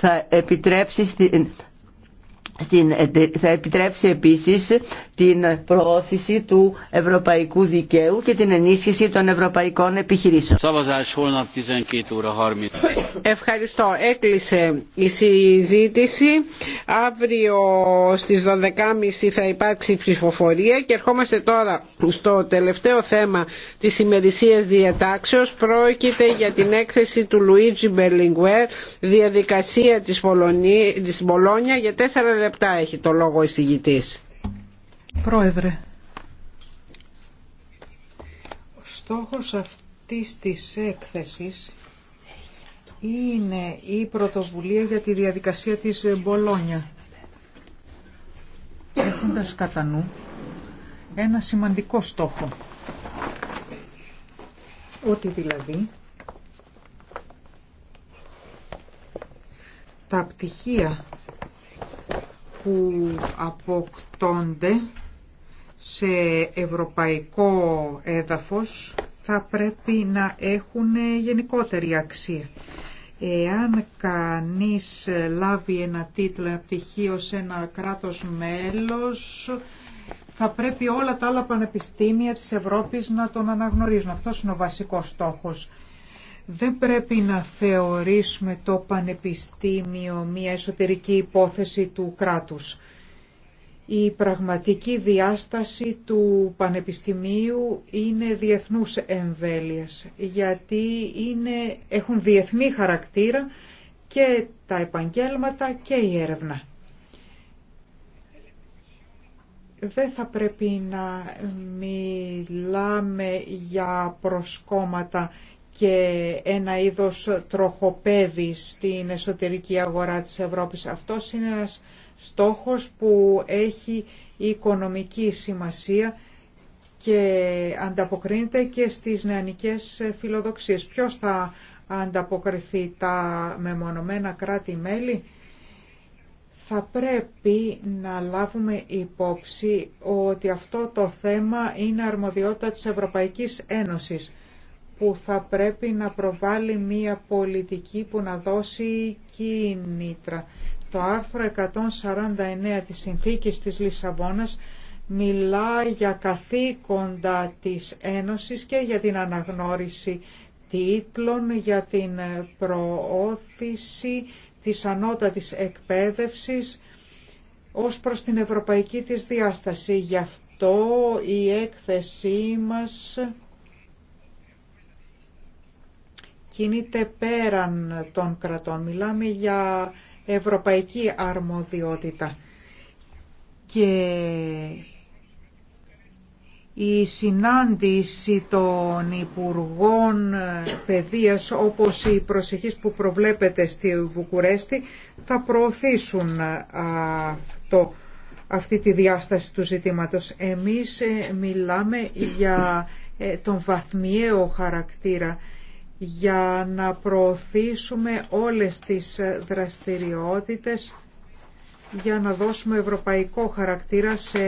θα επιτρέψει την... Ε, θα επιτρέψει επίσης την προώθηση του ευρωπαϊκού δικαίου και την ενίσχυση των ευρωπαϊκών επιχειρήσεων. Ευχαριστώ. Έκλεισε η συζήτηση. Αύριο στις 12.30 θα υπάρξει ψηφοφορία και ερχόμαστε τώρα στο τελευταίο θέμα της ημερησίας διατάξεως. Πρόκειται για την έκθεση του Λουίτζι Μπερλιγκουέρ, διαδικασία της Μπολόνια για τέσσερα λεπτά λεπτά έχει το λόγο Πρόεδρε, ο στόχος αυτής της έκθεσης είναι η πρωτοβουλία για τη διαδικασία της Μπολόνια. Έχοντας κατά νου ένα σημαντικό στόχο. Ότι δηλαδή τα πτυχία που αποκτώνται σε ευρωπαϊκό έδαφος θα πρέπει να έχουν γενικότερη αξία. Εάν κανείς λάβει ένα τίτλο, ένα πτυχίο σε ένα κράτος μέλος, θα πρέπει όλα τα άλλα πανεπιστήμια της Ευρώπης να τον αναγνωρίζουν. Αυτός είναι ο βασικός στόχος. Δεν πρέπει να θεωρήσουμε το πανεπιστήμιο μια εσωτερική υπόθεση του κράτους. Η πραγματική διάσταση του πανεπιστημίου είναι διεθνούς εμβέλειας, γιατί είναι, έχουν διεθνή χαρακτήρα και τα επαγγέλματα και η έρευνα. Δεν θα πρέπει να μιλάμε για προσκόμματα και ένα είδος τροχοπέδι στην εσωτερική αγορά της Ευρώπης. Αυτός είναι ένας στόχος που έχει οικονομική σημασία και ανταποκρίνεται και στις νεανικές φιλοδοξίες. Ποιος θα ανταποκριθεί τα μεμονωμένα κράτη-μέλη. Θα πρέπει να λάβουμε υπόψη ότι αυτό το θέμα είναι αρμοδιότητα της Ευρωπαϊκής Ένωσης που θα πρέπει να προβάλλει μία πολιτική που να δώσει κίνητρα. Το άρθρο 149 της Συνθήκης της Λισαβόνας μιλά για καθήκοντα της Ένωσης και για την αναγνώριση τίτλων, για την προώθηση της ανώτατης εκπαίδευσης ως προς την ευρωπαϊκή της διάσταση. Γι' αυτό η έκθεσή μας κινείται πέραν των κρατών. Μιλάμε για ευρωπαϊκή αρμοδιότητα. Και η συνάντηση των Υπουργών Παιδείας όπως η προσεχής που προβλέπεται στη Βουκουρέστη θα προωθήσουν αυτό, αυτή τη διάσταση του ζητήματος. Εμείς ε, μιλάμε για ε, τον βαθμιαίο χαρακτήρα για να προωθήσουμε όλες τις δραστηριότητες για να δώσουμε ευρωπαϊκό χαρακτήρα σε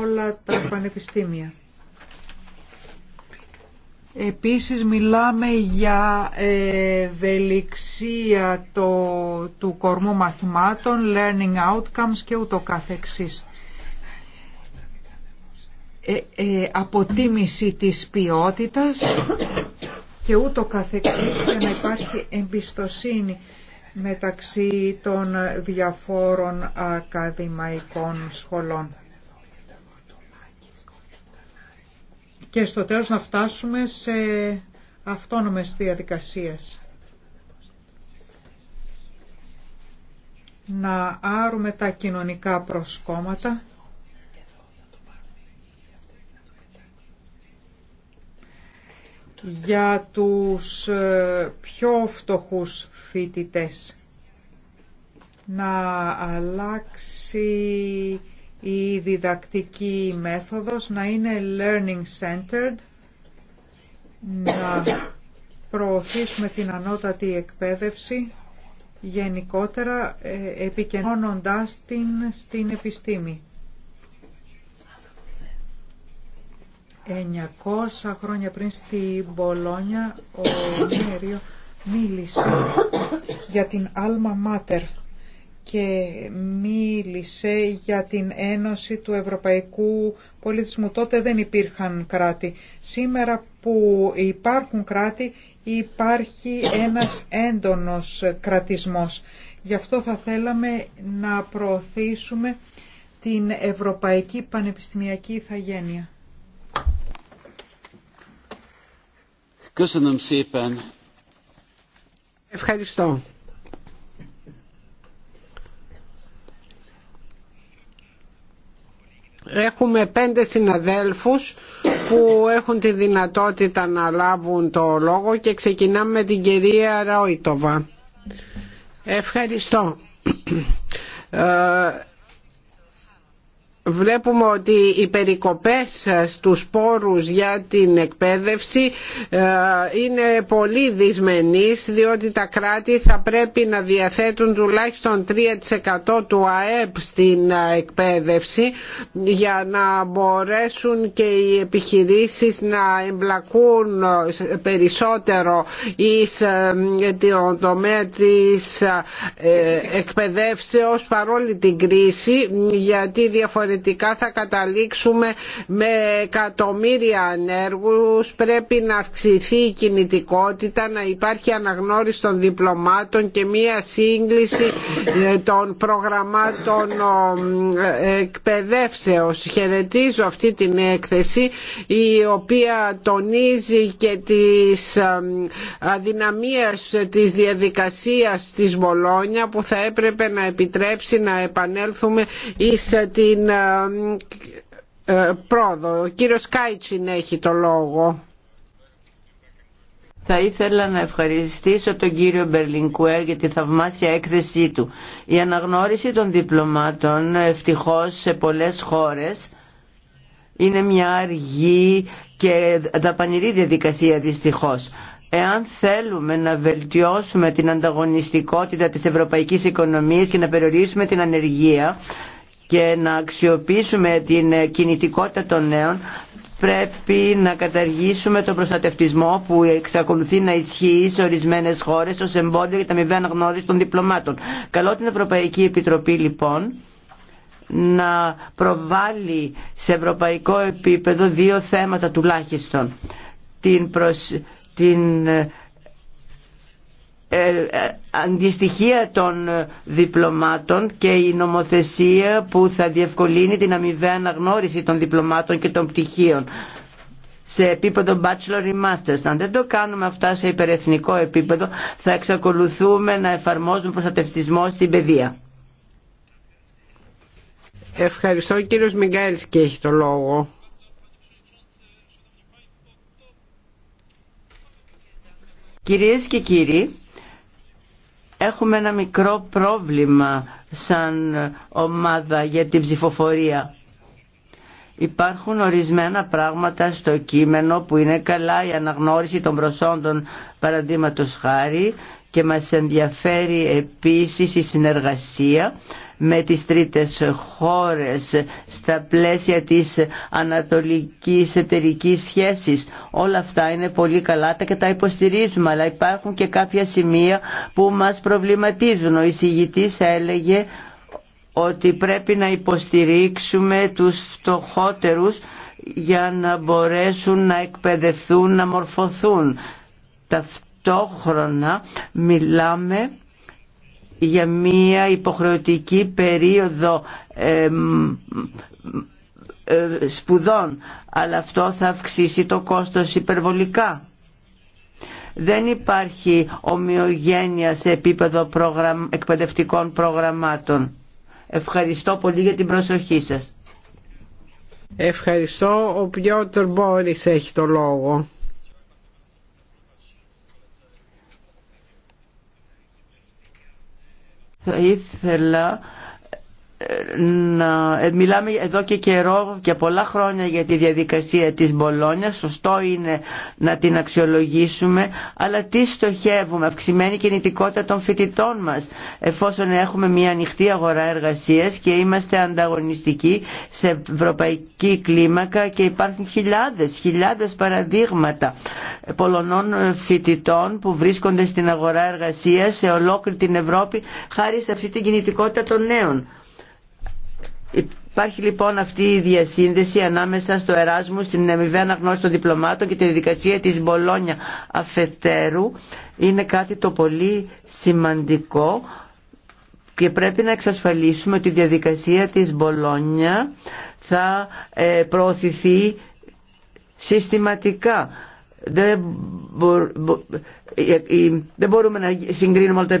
όλα τα πανεπιστήμια. Επίσης μιλάμε για ευελιξία το, του κορμού μαθημάτων, learning outcomes και ούτω καθεξής. Ε, ε, αποτίμηση της ποιότητας και ούτω καθεξής για να υπάρχει εμπιστοσύνη μεταξύ των διαφόρων ακαδημαϊκών σχολών. Και στο τέλος να φτάσουμε σε αυτόνομες διαδικασίες. Να άρουμε τα κοινωνικά προσκόμματα για τους ε, πιο φτωχούς φοιτητές. Να αλλάξει η διδακτική μέθοδος, να είναι learning centered, να προωθήσουμε την ανώτατη εκπαίδευση γενικότερα ε, επικεντρώνοντάς την στην επιστήμη. 900 χρόνια πριν στη Μπολόνια ο Νέριο μίλησε για την Alma Mater και μίλησε για την Ένωση του Ευρωπαϊκού Πολιτισμού. Τότε δεν υπήρχαν κράτη. Σήμερα που υπάρχουν κράτη υπάρχει ένας έντονος κρατισμός. Γι' αυτό θα θέλαμε να προωθήσουμε την Ευρωπαϊκή Πανεπιστημιακή Ιθαγένεια. Ευχαριστώ. Έχουμε πέντε συναδέλφους που έχουν τη δυνατότητα να λάβουν το λόγο και ξεκινάμε με την κυρία Ραόιτοβα. Ευχαριστώ. Ε, βλέπουμε ότι οι περικοπές στους πόρους για την εκπαίδευση ε, είναι πολύ δυσμενείς διότι τα κράτη θα πρέπει να διαθέτουν τουλάχιστον 3% του ΑΕΠ στην ε, εκπαίδευση για να μπορέσουν και οι επιχειρήσεις να εμπλακούν ε, περισσότερο εις το τομέα της εκπαιδεύσεως παρόλη την κρίση γιατί διαφορετικά θεωρητικά θα καταλήξουμε με εκατομμύρια ανέργους πρέπει να αυξηθεί η κινητικότητα να υπάρχει αναγνώριση των διπλωμάτων και μία σύγκληση ε, των προγραμμάτων ε, εκπαιδεύσεως χαιρετίζω αυτή την έκθεση η οποία τονίζει και τις ε, αδυναμίες της διαδικασίας της Μολόνια που θα έπρεπε να επιτρέψει να επανέλθουμε εις την ε, πρόοδο. Ο κύριος Κάιτσιν έχει το λόγο. Θα ήθελα να ευχαριστήσω τον κύριο Μπερλινκουέρ για τη θαυμάσια έκθεσή του. Η αναγνώριση των διπλωμάτων ευτυχώς σε πολλές χώρες είναι μια αργή και δαπανηρή διαδικασία δυστυχώς. Εάν θέλουμε να βελτιώσουμε την ανταγωνιστικότητα της ευρωπαϊκής οικονομίας και να περιορίσουμε την ανεργία, και να αξιοποιήσουμε την κινητικότητα των νέων πρέπει να καταργήσουμε τον προστατευτισμό που εξακολουθεί να ισχύει σε ορισμένες χώρες ως εμπόδιο για τα μηβαία αναγνώριση των διπλωμάτων. Καλό την Ευρωπαϊκή Επιτροπή λοιπόν να προβάλλει σε ευρωπαϊκό επίπεδο δύο θέματα τουλάχιστον. Την, την ε, ε, ε, αντιστοιχεία των διπλωμάτων και η νομοθεσία που θα διευκολύνει την αμοιβαία αναγνώριση των διπλωμάτων και των πτυχίων σε επίπεδο bachelor ή masters. Αν δεν το κάνουμε αυτά σε υπερεθνικό επίπεδο θα εξακολουθούμε να εφαρμόζουμε προστατευτισμό στην παιδεία. Ευχαριστώ κύριος Μιγκάλης και έχει το λόγο. Κυρίες και κύριοι, έχουμε ένα μικρό πρόβλημα σαν ομάδα για την ψηφοφορία. Υπάρχουν ορισμένα πράγματα στο κείμενο που είναι καλά η αναγνώριση των προσόντων παραδείγματος χάρη και μας ενδιαφέρει επίσης η συνεργασία με τις τρίτες χώρες στα πλαίσια της ανατολικής εταιρικής σχέσης. Όλα αυτά είναι πολύ καλά και τα υποστηρίζουμε, αλλά υπάρχουν και κάποια σημεία που μας προβληματίζουν. Ο εισηγητής έλεγε ότι πρέπει να υποστηρίξουμε τους φτωχότερους για να μπορέσουν να εκπαιδευτούν, να μορφωθούν. Ταυτόχρονα μιλάμε για μία υποχρεωτική περίοδο ε, σπουδών αλλά αυτό θα αυξήσει το κόστος υπερβολικά. Δεν υπάρχει ομοιογένεια σε επίπεδο εκπαιδευτικών προγραμμάτων. Ευχαριστώ πολύ για την προσοχή σας. Ευχαριστώ. Ο Πιότρ Μπόρις έχει το λόγο. Θα ήθελα να ε, μιλάμε εδώ και καιρό και πολλά χρόνια για τη διαδικασία της Μπολόνια σωστό είναι να την αξιολογήσουμε αλλά τι στοχεύουμε αυξημένη κινητικότητα των φοιτητών μας εφόσον έχουμε μια ανοιχτή αγορά εργασίας και είμαστε ανταγωνιστικοί σε ευρωπαϊκή κλίμακα και υπάρχουν χιλιάδες χιλιάδες παραδείγματα πολωνών φοιτητών που βρίσκονται στην αγορά εργασίας σε ολόκληρη την Ευρώπη χάρη σε αυτή την κινητικότητα των νέων. Υπάρχει λοιπόν αυτή η διασύνδεση ανάμεσα στο Εράσμου, στην αμοιβή γνώση των διπλωμάτων και τη διαδικασία της Μπολόνια αφετέρου. Είναι κάτι το πολύ σημαντικό και πρέπει να εξασφαλίσουμε ότι η διαδικασία της Μπολόνια θα ε, προωθηθεί συστηματικά δεν, μπορούμε να συγκρίνουμε όλα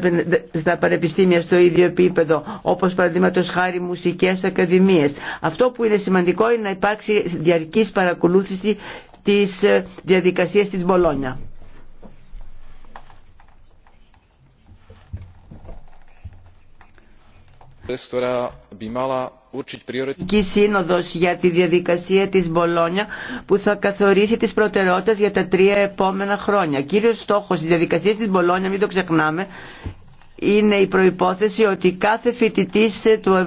τα πανεπιστήμια στο ίδιο επίπεδο όπως παραδείγματο χάρη μουσικές ακαδημίες. Αυτό που είναι σημαντικό είναι να υπάρξει διαρκής παρακολούθηση της ε, διαδικασίας της Μπολόνια. Η Σύνοδος για τη διαδικασία της Μπολόνια που θα καθορίσει τις προτεραιότητες για τα τρία επόμενα χρόνια. Κύριος στόχος της διαδικασία της Μπολόνια, μην το ξεχνάμε, είναι η προϋπόθεση ότι κάθε φοιτητής του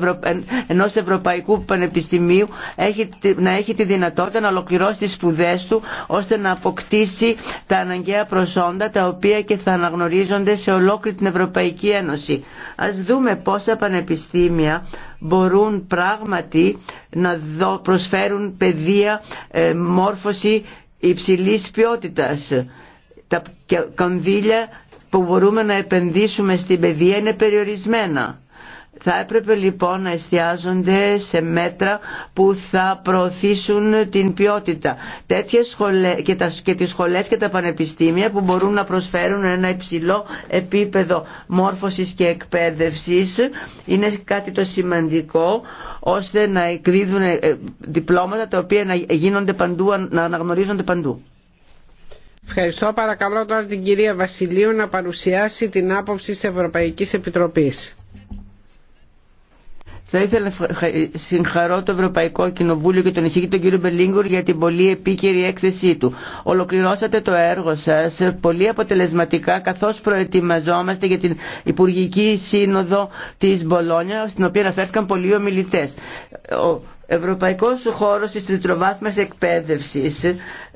ενός Ευρωπαϊκού Πανεπιστημίου έχει... να έχει τη δυνατότητα να ολοκληρώσει τις σπουδές του ώστε να αποκτήσει τα αναγκαία προσόντα τα οποία και θα αναγνωρίζονται σε ολόκληρη την Ευρωπαϊκή Ένωση. Ας δούμε πόσα πανεπιστήμια μπορούν πράγματι να προσφέρουν παιδεία, ε, μόρφωση υψηλής ποιότητας. Τα κονδύλια που μπορούμε να επενδύσουμε στην παιδεία είναι περιορισμένα. Θα έπρεπε λοιπόν να εστιάζονται σε μέτρα που θα προωθήσουν την ποιότητα. Τέτοιες σχολές, και, τα, και τις σχολές και τα πανεπιστήμια που μπορούν να προσφέρουν ένα υψηλό επίπεδο μόρφωσης και εκπαίδευσης είναι κάτι το σημαντικό ώστε να εκδίδουν ε, ε, διπλώματα τα οποία γίνονται παντού, να αναγνωρίζονται παντού. Ευχαριστώ. Παρακαλώ τώρα την κυρία Βασιλείου να παρουσιάσει την άποψη της Ευρωπαϊκής Επιτροπής. Θα ήθελα να συγχαρώ το Ευρωπαϊκό Κοινοβούλιο και τον εισηγητή τον κύριο Μπελίνγκουρ για την πολύ επίκαιρη έκθεσή του. Ολοκληρώσατε το έργο σας πολύ αποτελεσματικά καθώς προετοιμαζόμαστε για την Υπουργική Σύνοδο της Μπολόνια στην οποία αναφέρθηκαν πολλοί ομιλητές. Ευρωπαϊκός χώρος της τριτροβάθμιας εκπαίδευσης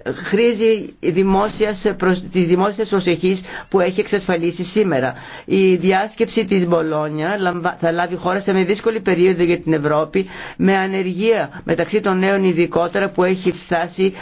χρήζει δημόσιας, της δημόσιας προσοχής που έχει εξασφαλίσει σήμερα. Η διάσκεψη της Μπολόνια θα λάβει χώρα σε μια δύσκολη περίοδο για την Ευρώπη με ανεργία μεταξύ των νέων ειδικότερα που έχει φτάσει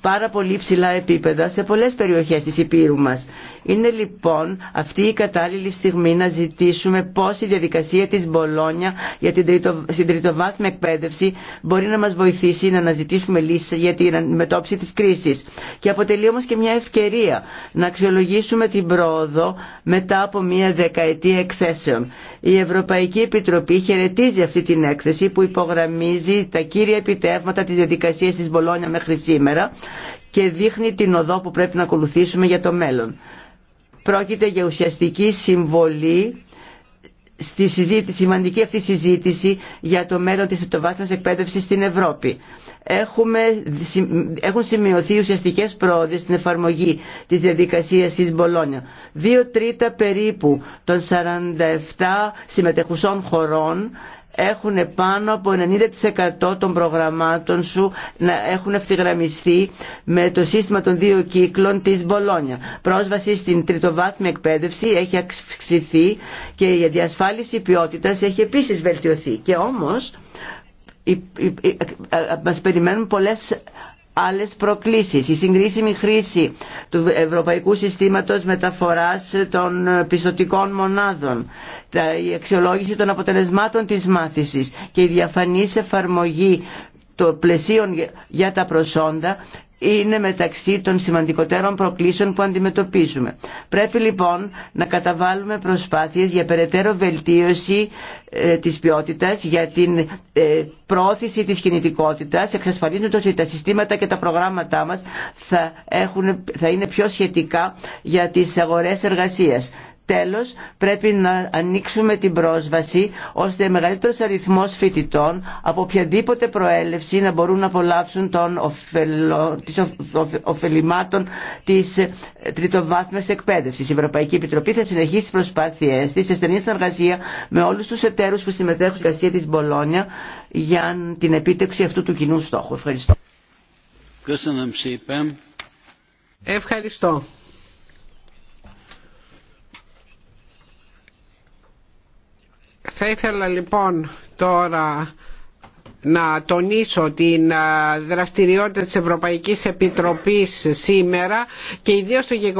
πάρα πολύ ψηλά επίπεδα σε πολλές περιοχές της Υπήρου μας. Είναι λοιπόν αυτή η κατάλληλη στιγμή να ζητήσουμε πώ η διαδικασία της Μπολόνια για την τριτο, στην τριτοβάθμια εκπαίδευση μπορεί να μας βοηθήσει να αναζητήσουμε λύσεις για την αντιμετώπιση της κρίσης. Και αποτελεί όμως και μια ευκαιρία να αξιολογήσουμε την πρόοδο μετά από μια δεκαετία εκθέσεων. Η Ευρωπαϊκή Επιτροπή χαιρετίζει αυτή την έκθεση που υπογραμμίζει τα κύρια επιτεύγματα της διαδικασίας της Μπολόνια μέχρι σήμερα και δείχνει την οδό που πρέπει να ακολουθήσουμε για το μέλλον. Πρόκειται για ουσιαστική συμβολή στη συζήτηση, σημαντική αυτή συζήτηση για το μέλλον της αυτοβάθμιας εκπαίδευσης στην Ευρώπη. Έχουμε, έχουν σημειωθεί ουσιαστικές πρόοδες στην εφαρμογή της διαδικασίας της Μπολόνια. Δύο τρίτα περίπου των 47 συμμετεχουσών χωρών έχουν πάνω από 90% των προγραμμάτων σου να έχουν ευθυγραμμιστεί με το σύστημα των δύο κύκλων της Μπολόνια. Πρόσβαση στην τριτοβάθμια εκπαίδευση έχει αυξηθεί και η διασφάλιση ποιότητας έχει επίσης βελτιωθεί. Και όμως ε, ε, ε, μας περιμένουν πολλές άλλες προκλήσεις. Η συγκρίσιμη χρήση του Ευρωπαϊκού Συστήματος Μεταφοράς των Πιστοτικών Μονάδων, η αξιολόγηση των αποτελεσμάτων της μάθησης και η διαφανής εφαρμογή των πλαισίων για τα προσόντα είναι μεταξύ των σημαντικότερων προκλήσεων που αντιμετωπίζουμε. Πρέπει λοιπόν να καταβάλουμε προσπάθειες για περαιτέρω βελτίωση ε, της ποιότητας, για την ε, πρόθεση της κινητικότητας, εξασφαλίζοντας ότι τα συστήματα και τα προγράμματά μας θα, έχουν, θα είναι πιο σχετικά για τις αγορές εργασίας. Τέλος, πρέπει να ανοίξουμε την πρόσβαση ώστε μεγαλύτερος αριθμός φοιτητών από οποιαδήποτε προέλευση να μπορούν να απολαύσουν των ωφελο... ωφελημάτων της ε, τριτοβάθμιας εκπαίδευσης. Η Ευρωπαϊκή Επιτροπή θα συνεχίσει τις προσπάθειές της σε στενή συνεργασία με όλους τους εταίρους που συμμετέχουν στην εργασία της Μπολόνια για την επίτευξη αυτού του κοινού στόχου. Ευχαριστώ. Ευχαριστώ. Θα ήθελα λοιπόν τώρα να τονίσω την ε, δραστηριότητα της Ευρωπαϊκής Επιτροπής σήμερα και ιδίως το γεγονός